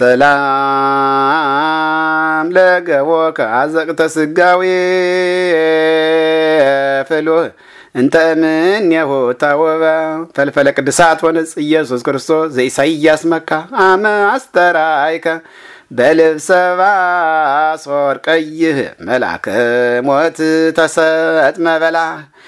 ሰላም ለገቦከ አዘቅተ ስጋዊ ፍሉህ እንተ እምኔሁ ታወበ ፈልፈለ ቅድሳት ወንጽ ኢየሱስ ክርስቶስ ዘኢሳይያስ መካ አመ አስተራይከ በልብሰ ባሶር ቀይህ መልአከ ሞት ተሰጥመ በላ